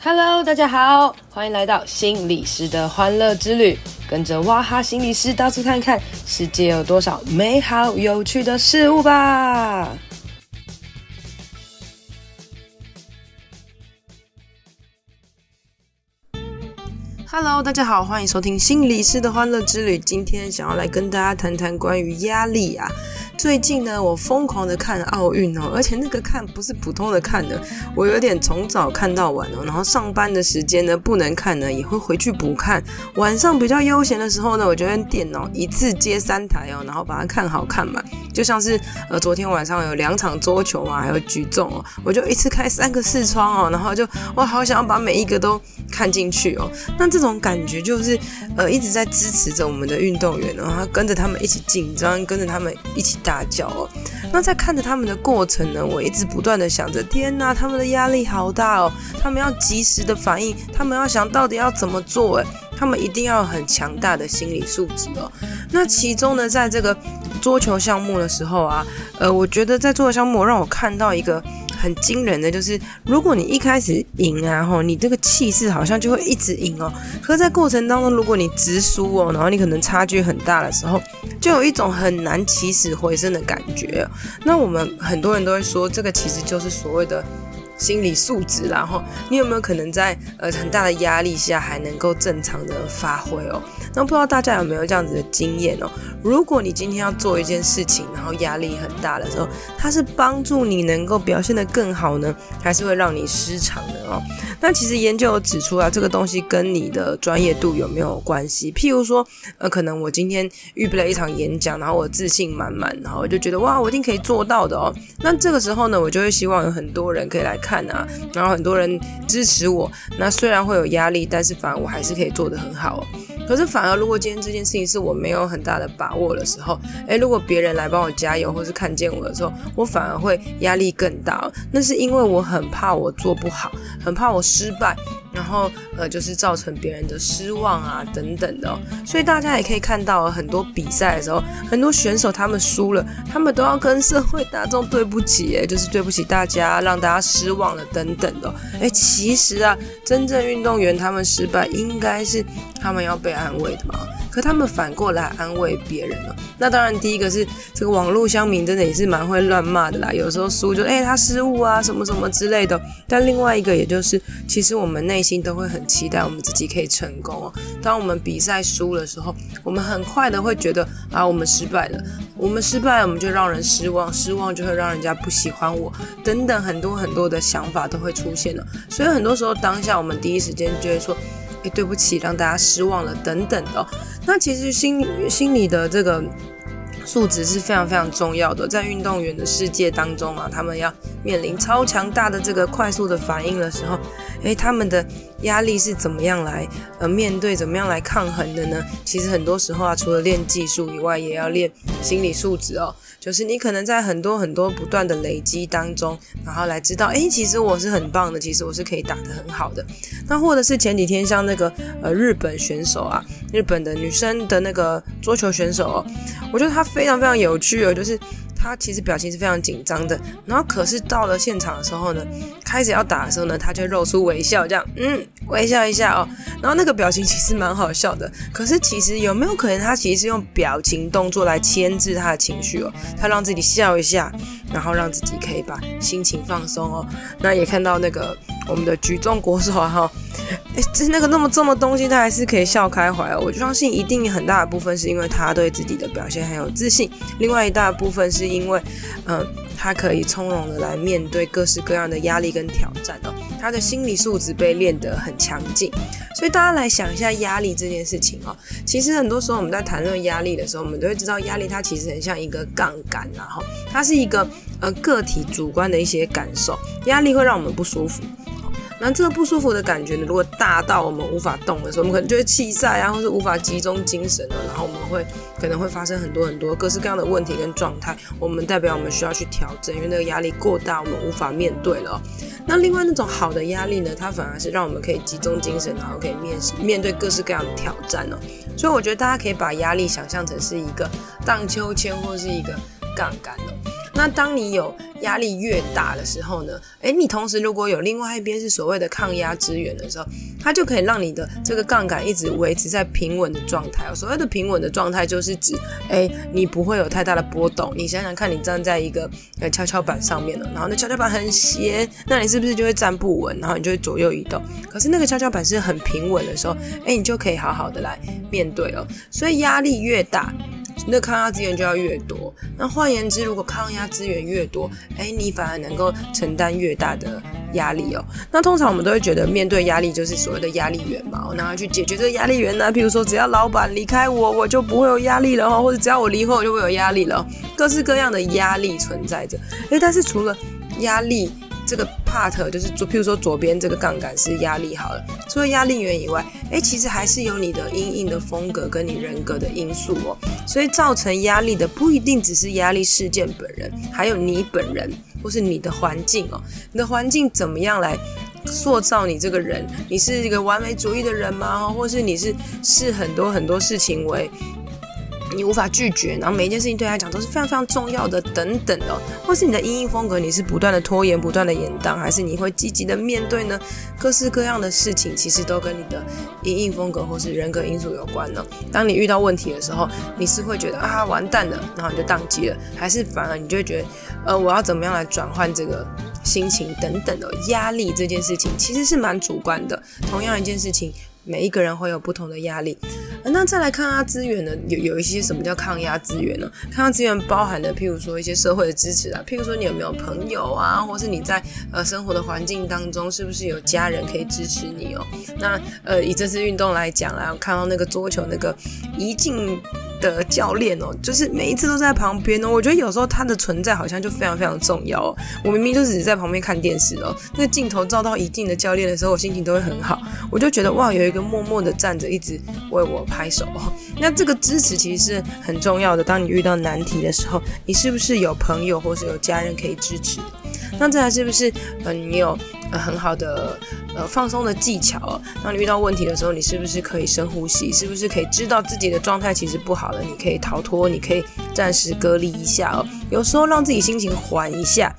Hello，大家好，歡迎來到心理師的歡樂之旅。跟着哇哈心理師到處看看，世界有多少美好有趣的事物吧。Hello，大家好，歡迎收聽心理師的歡樂之旅。今天想要來跟大家談談關於壓力啊。最近呢，我瘋狂的看奧運哦，而且那個看不是普通的看的，我有點從早看到晚哦。然後上班的時間呢不能看呢，也會回去補看。晚上比較悠閒的時候呢，我就用電腦一次接三台哦，然後把它看好看滿。就像是呃昨天晚上有兩場桌球啊，還有舉重哦，我就一次開三個視窗哦，然後就我好想要把每一個都看進去哦。那這種感覺就是呃一直在支持着我們的運動員哦，然後跟着他們一起緊張，跟着他們一起。大叫哦，那在看着他們的過程呢，我一直不斷的想着，天哪，他們的壓力好大哦，他們要及時的反應，他們要想到底要怎麼做，誒？他們一定要有很強大的心理素質哦。那其中呢，在這個桌球項目的時候啊，呃，我覺得在做的項目讓我看到一個。很驚人的就是，如果你一開始贏啊，吼，你這個氣勢好像就會一直贏哦。可在過程當中，如果你直輸哦，然後你可能差距很大的時候，就有一種很難起死回生的感覺。那我們很多人都會說，這個其實就是所謂的。心理素質，然後你有沒有可能在呃很大的壓力下還能夠正常的發揮哦？那不知道大家有沒有這樣子的經驗哦？如果你今天要做一件事情，然後壓力很大的時候，它是幫助你能夠表現得更好呢，還是會讓你失常的哦？那其實研究指出啊，這個東西跟你的專業度有沒有關係？譬如說，呃，可能我今天預備了一場演講，然後我自信滿滿，然後我就覺得哇，我一定可以做到的哦。那這個時候呢，我就會希望有很多人可以來看。看啊，然後很多人支持我，那雖然會有壓力，但是反而我還是可以做得很好。可是反而，如果今天這件事情是我沒有很大的把握的時候，誒，如果別人來幫我加油，或是看見我的時候，我反而會壓力更大。那是因為我很怕我做不好，很怕我失敗。然後呃，就是造成別人的失望啊，等等的哦。所以大家也可以看到了，很多比賽的時候，很多選手他們輸了，他們都要跟社會大眾對不起，哎，就是對不起大家，讓大家失望了，等等的哦。哎，其實啊，真正運動員他們失敗，應該是他們要被安慰的嘛。可他們反過來安慰別人呢？那當然，第一個是這個網絡鄉民真的也是蠻會亂罵的啦。有時候輸就哎他失誤啊，什麼什麼之類的哦。但另外一個，也就是其實我們那。心都會很期待我們自己可以成功哦。當我們比賽輸的時候，我們很快的會覺得啊，我們失敗了，我們失敗了，我們就讓人失望，失望就會讓人家不喜歡我，等等，很多很多的想法都會出現了哦。所以很多時候當下我們第一時間就會說，誒，對不起，讓大家失望了，等等的哦。那其實心心裡的這個。素質是非常非常重要的，在運動員的世界當中啊，他們要面臨超強大的這個快速的反應的時候，誒，他們的壓力是怎麼樣來呃面對，怎麼樣來抗衡的呢？其實很多時候啊，除了練技術以外，也要練心理素質哦。就是你可能在很多很多不斷的累積當中，然後來知道，誒，其實我是很棒的，其實我是可以打得很好的。那或者是前幾天像那個呃日本選手啊，日本的女生的那個桌球選手哦，我覺得她非常非常有趣哦，就是。他其實表情是非常緊張的，然後可是到了現場的時候呢，開始要打的時候呢，他就露出微笑，這樣，嗯，微笑一下哦，然後那個表情其實蠻好笑的。可是其實有沒有可能，他其實是用表情動作來牽制他的情緒哦，他讓自己笑一下，然後讓自己可以把心情放鬆哦。那也看到那個。我們的舉重國手啊，哈、欸，哎，這那個那麼重的東西，他還是可以笑開懷哦、喔。我相信一定很大的部分是因為他對自己的表現很有自信，另外一大部分是因為，嗯、呃，他可以從容的來面對各式各樣的壓力跟挑戰哦、喔。他的心理素質被練得很強勁。所以大家來想一下壓力這件事情哦、喔。其實很多時候我們在談論壓力的時候，我們都會知道壓力它其實很像一個槓桿啊，然後它是一個呃個體主觀的一些感受，壓力會讓我們不舒服。那這個不舒服的感覺呢，如果大到我們無法動的時候，我們可能就會棄賽啊，或是無法集中精神了、喔。然後我們會可能會發生很多很多各式各樣的問題跟狀態。我們代表我們需要去調整，因為那個壓力過大，我們無法面對了、喔。那另外那種好的壓力呢，它反而是讓我們可以集中精神，然後可以面面對各式各樣的挑戰哦、喔。所以我覺得大家可以把壓力想象成是一個盪秋千或是一個槓桿哦。那當你有壓力越大的時候呢，哎，你同時如果有另外一邊是所謂的抗壓資源的時候，它就可以讓你的這個槓桿一直維持在平穩的狀態、哦。所謂的平穩的狀態，就是指，哎，你不會有太大的波動。你想想看，你站在一個呃、蹺蹺板上面了、哦，然後那蹺蹺板很斜，那你是不是就會站不穩，然後你就會左右移動？可是那個蹺蹺板是很平穩的時候，哎，你就可以好好的來面對哦。所以壓力越大，那抗壓資源就要越多。那換言之，如果抗壓資源越多，哎，你反而能夠承擔越大的壓力哦。那通常我們都會覺得，面對壓力就是所謂的壓力源嘛，然後去解決這個壓力源呢、啊。譬如說，只要老闆離開我，我就不會有壓力了哦；或者只要我離婚，我就會有壓力了。各式各樣的壓力存在着。哎，但是除了壓力。這個 part 就是，譬如說左邊這個槓桿是壓力好了，除了壓力源以外，誒，其實還是有你的陰影的風格跟你人格的因素哦。所以造成壓力的不一定只是壓力事件本人，還有你本人，或是你的環境哦。你的環境怎麼樣來塑造你這個人？你是一個完美主義的人嗎？或是你是視很多很多事情為你無法拒絕，然後每一件事情對他來講都是非常非常重要的，等等的，或是你的因應風格，你是不斷的拖延，不斷的延宕，還是你會積極的面對呢？各式各樣的事情其實都跟你的因應風格或是人格因素有關呢。當你遇到問題的時候，你是會覺得啊，完蛋了，然後你就當機了，還是反而你就會覺得，呃，我要怎麼樣來轉換這個心情等等的？壓力這件事情其實是蠻主觀的，同樣一件事情，每一個人會有不同的壓力。呃，那再來看啊，資源呢，有有一些什麼叫抗壓資源呢？抗壓資源包含的，譬如說一些社會的支持啊，譬如說你有沒有朋友啊，或是你在呃生活的環境當中，是不是有家人可以支持你哦、喔？那呃以這次運動來講啦，我看到那個桌球，那個一進。的教練哦，就是每一次都在旁邊哦，我覺得有時候他的存在好像就非常非常重要哦。我明明就只是在旁邊看電視哦，那個鏡頭照到一定的教練的時候，我心情都會很好。我就覺得哇，有一個默默的站着，一直為我拍手。那這個支持其實是很重要的。當你遇到難題的時候，你是不是有朋友或是有家人可以支持？那這還是不是呃、嗯，你有、嗯、很好的。呃，放鬆的技巧哦，當你遇到問題的時候，你是不是可以深呼吸？是不是可以知道自己的狀態其實不好了？你可以逃脫，你可以暫時隔離一下哦。有時候讓自己心情緩一下。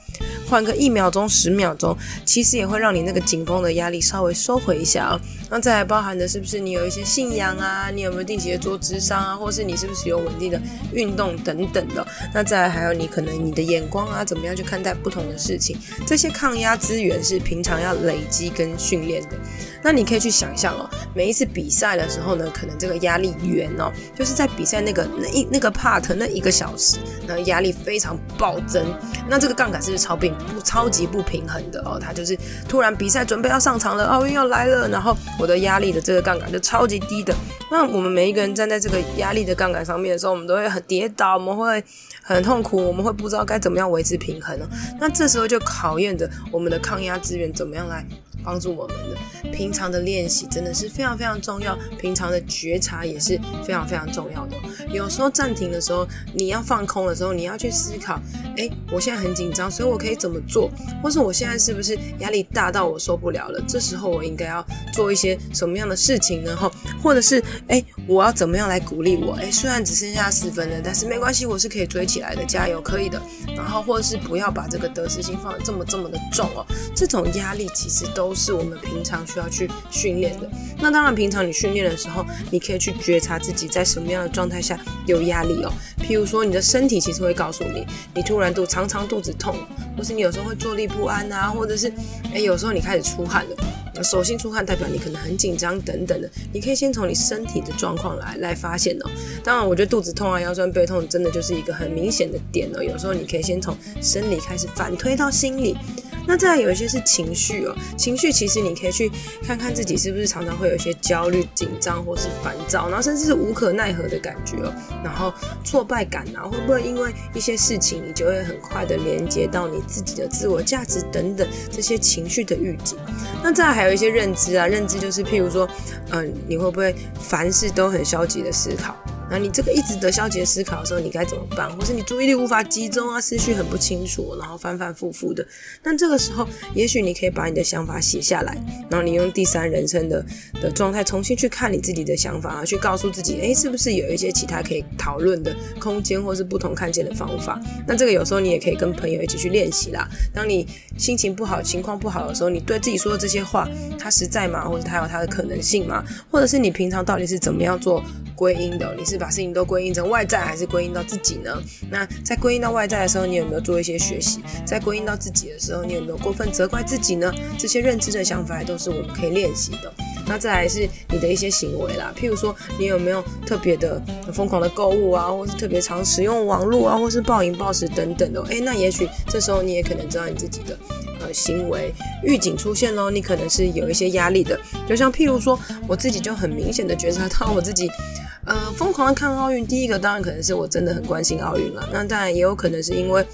換個一秒鐘、十秒鐘，其實也會讓你那個緊繃的壓力稍微收回一下啊、喔。那再來包含的是不是你有一些信仰啊？你有沒有定期的做諮商啊？或是你是不是有穩定的運動等等的？那再來還有你可能你的眼光啊，怎麼樣去看待不同的事情？這些抗壓資源是平常要累積跟訓練的。那你可以去想象哦、喔，每一次比賽的時候呢，可能這個壓力源哦、喔，就是在比賽那個那一那個 part 那一個小時，那壓力非常暴增。那這個槓桿是不是超變？不，超級不平衡的哦，他就是突然比賽準備要上場了，奧運要來了，然後我的壓力的這個槓桿就超級低的。那我們每一個人站在這個壓力的槓桿上面的時候，我們都會很跌倒，我們會很痛苦，我們會不知道該怎麼樣維持平衡呢、哦？那這時候就考驗着我們的抗壓資源怎麼樣來。幫助我們的平常的練習真的是非常非常重要，平常的覺察也是非常非常重要的。有時候暫停的時候，你要放空的時候，你要去思考：哎，我現在很緊張，所以我可以怎麼做？或是我現在是不是壓力大到我受不了了？這時候我應該要做一些什麼樣的事情？然後或者是，哎，我要怎麼樣來鼓勵我？哎，雖然只剩下四分了，但是沒關係，我是可以追起來的，加油，可以的。然後或者是不要把這個得失心放得這麼這麼的重哦，這種壓力其實都。是我們平常需要去訓練的。那當然，平常你訓練的時候，你可以去覺察自己在什麼樣的狀態下有壓力哦。譬如說，你的身體其實會告訴你，你突然肚常常肚子痛，或是你有時候會坐立不安啊，或者是哎，有時候你開始出汗了，那手心出汗代表你可能很緊張等等的。你可以先從你身體的狀況來來發現哦。當然，我覺得肚子痛啊、腰酸背痛，真的就是一個很明顯的點哦。有時候你可以先從生理開始反推到心理。那再來有一些是情緒哦、喔，情緒其實你可以去看看自己是不是常常會有一些焦慮、緊張或是煩躁，然後甚至是無可奈何的感覺哦、喔，然後挫敗感啊，會不會因為一些事情你就會很快的連接到你自己的自我價值等等這些情緒的預警？那再來還有一些認知啊，認知就是譬如說，嗯、呃，你會不會凡事都很消極的思考？那你這個一直得消極的思考的時候，你該怎麼辦？或是你注意力無法集中啊，思緒很不清楚，然後反反复复的。那這個時候，也許你可以把你的想法寫下來，然後你用第三人稱的的狀態重新去看你自己的想法啊，去告訴自己，哎，是不是有一些其他可以討論的空間，或是不同看見的方法？那這個有時候你也可以跟朋友一起去練習啦。當你心情不好、情況不好的時候，你對自己說的這些話，它實在嗎？或者它有它的可能性嗎？或者是你平常到底是怎麼樣做歸因的哦？你是？把事情都歸因成外在，還是歸因到自己呢？那在歸因到外在的時候，你有沒有做一些學習？在歸因到自己的時候，你有沒有過分責怪自己呢？這些認知的想法都是我們可以練習的。那再來是你的一些行為啦，譬如說你有沒有特別的瘋狂的購物啊，或是特別常使用網絡啊，或是暴飲暴食等等的哦。誒，那也許這時候你也可能知道你自己的呃行為預警出現咯。你可能是有一些壓力的。就像譬如說，我自己就很明顯的覺察到我自己。呃，瘋狂的看奧運，第一個當然可能是我真的很關心奧運了。那當然也有可能是因為，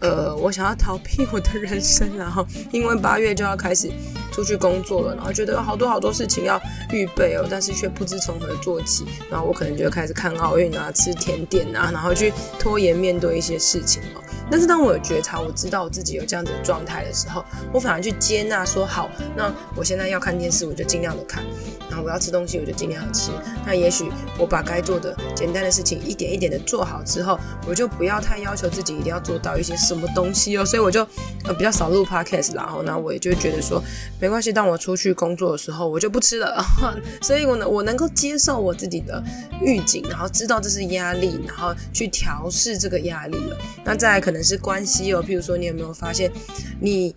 呃，我想要逃避我的人生，然後因為八月就要開始出去工作了，然後覺得有好多好多事情要預備哦，但是卻不知從何做起，然後我可能就開始看奧運啊，吃甜點啊，然後去拖延面對一些事情喔。但是當我有覺察，我知道我自己有這樣子的狀態的時候，我反而去接納說，說好，那我現在要看電視，我就盡量的看，然後我要吃東西，我就盡量的吃。那也許我把該做的簡單的事情一點一點的做好之後，我就不要太要求自己一定要做到一些什麼東西哦。所以我就呃比較少錄 podcast 啦。然後呢，我也就覺得說沒關係，當我出去工作的時候，我就不吃了。呵呵，所以我能我能夠接受我自己的預警，然後知道這是壓力，然後去調適這個壓力了。那再來可。可能是關係哦，譬如說，你有沒有發現你，你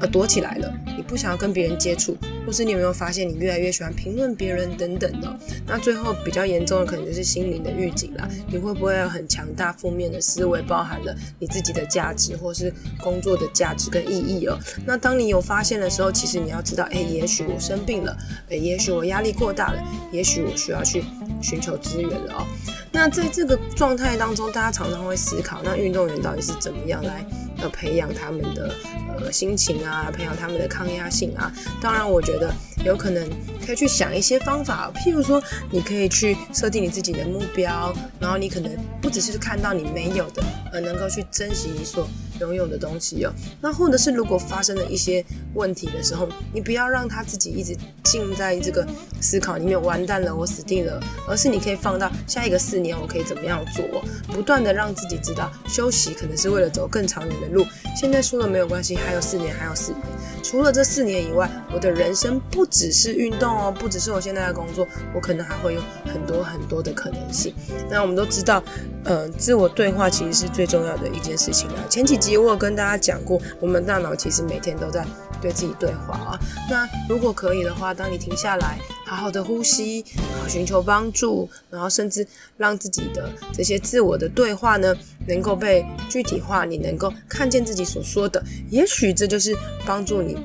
呃躲起來了，你不想要跟別人接觸，或是你有沒有發現，你越來越喜歡評論別人等等的。那最後比較嚴重的，可能就是心靈的預警啦，你會不會有很強大負面的思維，包含了你自己的價值，或是工作的價值跟意義哦？那當你有發現的時候，其實你要知道，哎，也許我生病了，欸，也許我壓力過大了，也許我需要去。尋求資源了哦。那在這個狀態當中，大家常常會思考，那運動員到底是怎麼樣來呃培養他們的呃心情啊，培養他們的抗壓性啊。當然，我覺得有可能可以去想一些方法，譬如說，你可以去設定你自己的目標，然後你可能不只是看到你沒有的，而能夠去珍惜你所。擁有的東西哦，那或者是如果發生了一些問題的時候，你不要讓他自己一直浸在這個思考裡面，完蛋了，我死定了，而是你可以放到下一個四年，我可以怎麼樣做，不斷的讓自己知道休息可能是為了走更長遠的路。現在輸了沒有關係，還有四年，還有四年。除了這四年以外，我的人生不只是運動哦，不只是我現在的工作，我可能還會有很多很多的可能性。那我們都知道，嗯、呃，自我對話其實是最重要的一件事情啊。前幾集。其實我有跟大家講過，我們大腦其實每天都在對自己對話啊。那如果可以的話，當你停下來，好好的呼吸，然後尋求幫助，然後甚至讓自己的這些自我的對話呢，能夠被具體化，你能夠看見自己所說的，也許這就是幫助你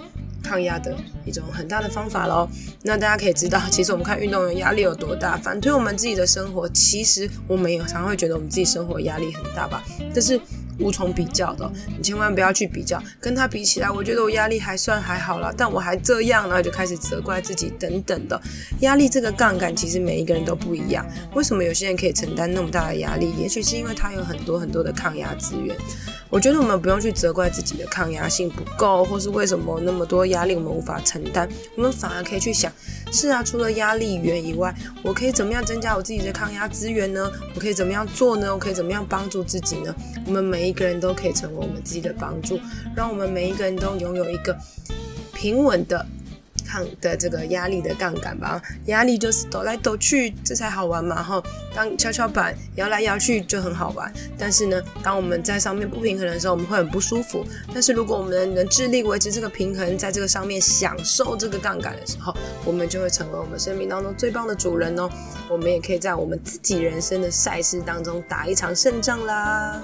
抗壓的一種很大的方法嘍。那大家可以知道，其實我們看運動員壓力有多大，反推我們自己的生活，其實我們也常會覺得我們自己生活壓力很大吧。但是。無從比較的，你千萬不要去比較。跟他比起來，我覺得我壓力還算還好啦。但我還這樣呢，然後就開始責怪自己等等的。壓力這個槓桿，其實每一個人都不一樣。為什麼有些人可以承擔那麼大的壓力？也許是因為他有很多很多的抗壓資源。我覺得我們不用去責怪自己的抗壓性不夠，或是為什麼那麼多壓力我們無法承擔。我們反而可以去想：是啊，除了壓力源以外，我可以怎麼樣增加我自己的抗壓資源呢？我可以怎麼樣做呢？我可以怎麼樣幫助自己呢？我們每每一個人都可以成為我們自己的幫助，讓我們每一個人都擁有一個平穩的抗的這個壓力的槓桿吧。壓力就是抖來抖去，這才好玩嘛！哈、哦，當蹺蹺板搖來搖去就很好玩。但是呢，當我們在上面不平衡的時候，我們會很不舒服。但是如果我們能致力維持這個平衡，在這個上面享受這個槓桿的時候，我們就會成為我們生命當中最棒的主人哦。我們也可以在我們自己人生的賽事當中打一場勝仗啦。